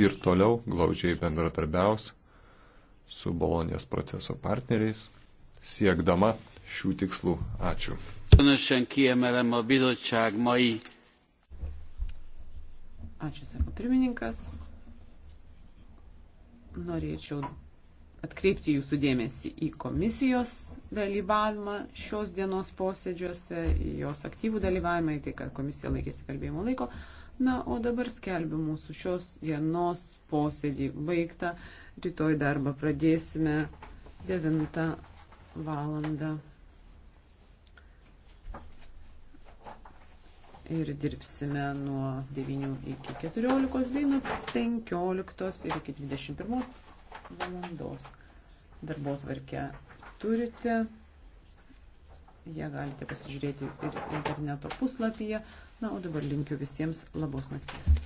ir toliau glaudžiai bendratarbiaus su Bolonijos proceso partneriais, siekdama šių tikslų. Ačiū. Különösen kiemelem a bizottság mai. Ačiū, sako pirmininkas. Norėčiau atkreipti jūsų dėmesį į komisijos dalyvavimą šios dienos posėdžiuose, į jos aktyvų dalyvavimą, į tai, kad komisija laikėsi kalbėjimo laiko. Na, o dabar skelbiu mūsų šios dienos posėdį baigtą. Rytoj darbą pradėsime 9 valandą. ir dirbsime nuo 9 iki 14 bei nuo 15 ir iki 21 valandos. Darbo tvarkę turite, ją galite pasižiūrėti ir interneto puslapyje. Na, o dabar linkiu visiems labos nakties.